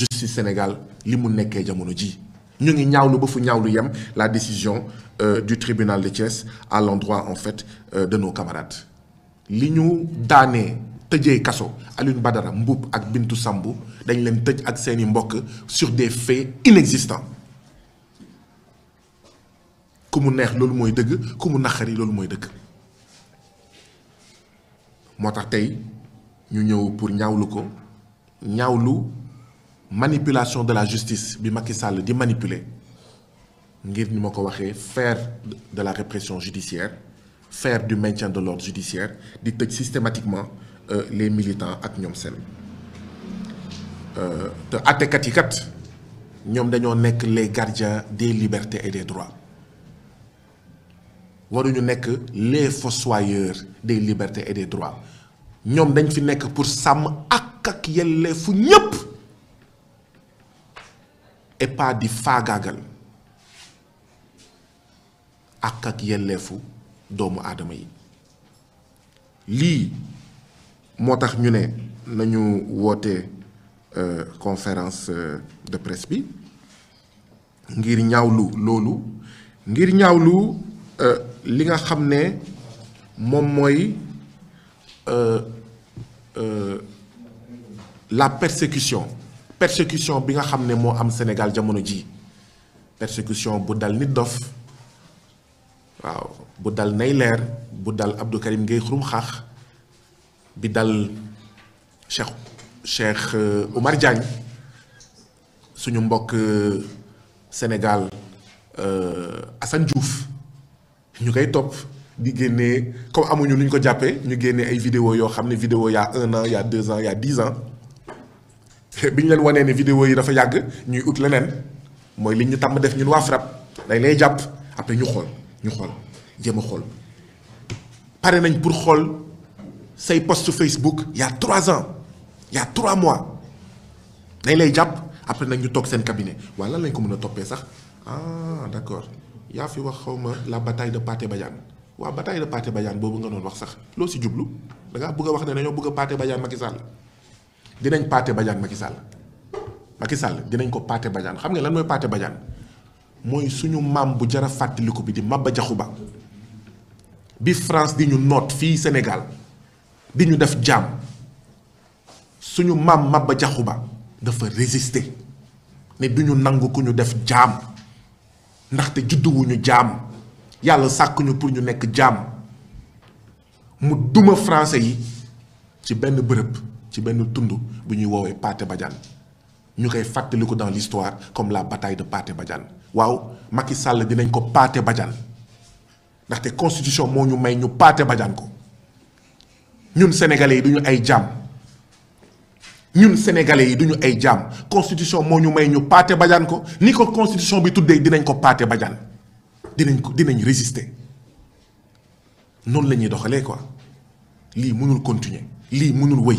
justice Sénégal li mu nekkee jamono ji ñu ngi ñaawlu ba fu ñaawlu yem la décision euh, du tribunal de Thiès à l'endroit en fait euh, de nos camarades li ñu daanee tëjee kaso Alioune Badara Mboup ak Bintou Sambou dañ leen tëj ak seeni mbokk sur des faits inexistants ku mu neex loolu mooy dëgg ku mu naqari loolu mooy dëgg moo tax tey ñu ñëw pour ñaawlu ko ñaawlu manipulation de la justice bi Macky di manipuler ngir ni faire de la répression judiciaire faire du maintien de l'ordre judiciaire di systématiquement euh, les militants ak sel euh te até katikat ñom les gardiens des libertés et des droits nous sommes les fossoyeurs des libertés et des droits ñom dañ fi nekk pour sam ak ak fu pas de fagagal ak ak yelleefu doomu adama yi li motax ñu nañu euh, conférence euh, de presse bi ngir ñaawlu lolu, ngir ñaawlu euh, li nga mom la persécution persécution bi nga xamné mo am Sénégal jamono ji persécution bu dal nit dof waaw bu dal nay leer bu dal Abdou Karim Gueye xurum xaax bi dal Cheikh Cheikh euh, Oumar Diagne suñu mbokk euh, Sénégal euh, Assane Diouf ñu koy top di génné comme amuñu lu ñu ko jàppee ñu génné ay vidéo yoo xam ne vidéo y a un an y a deux ans y a dix ans si vous leen vu vidéo yi dafa yàgg ñuy ut leneen mooy li ñu tàmm def ñun lay après ñu ñu nañ pour say post Facebook il y a trois ans il y a trois mois dañ lay jàpp après nag ñu toog seen cabinet waaye lan lañ ko mën a sax ah d'accord yaa wax xaw la bataille de Pathé Badiane La bataille de Pathé Badiane boobu nga doon wax sax si jublu da ngaa bëgg a wax ne dañoo bëgg a dinañ paate bajaan Macky Sall Macky Sall dinañ ko paate bajaan xam nga lan mooy paate bajaan mooy suñu maam bu jara fàttaliku bi di Maba Jaxu Ba bi France di ñu noot fii Sénégal di ñu def jaam suñu maam Maba Jaxu Ba dafa résister ne du ñu nangu ku ñu def jaam ndaxte judduwuñu jaam yàlla sàkkuñu ñu pour ñu nekk jaam mu duma français yi ci benn bërëb ci benn tund bu ñuy woowee Pathé Badiane ñu koy fàttaliku dans l'histoire comme la bataille de Pathé Badiane waaw Macky Sall dinañ ko Pathé Badiane ndaxte constitution moo ñu may ñu Pathé Badiane ko ñun sénégalais yi du ñu ay jaam ñun sénégalais yi du ñu ay jaam constitution moo ñu may ñu Pathé Badiane ko ni ko constitution bi tuddee dinañ ko Pathé Badiane dinañ ko dinañ résister noonu la ñuy doxalee quoi lii mënul continuer lii mënul wëy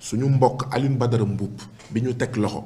suñu mbokk Alioune Badara Mboup bi ñu teg loxo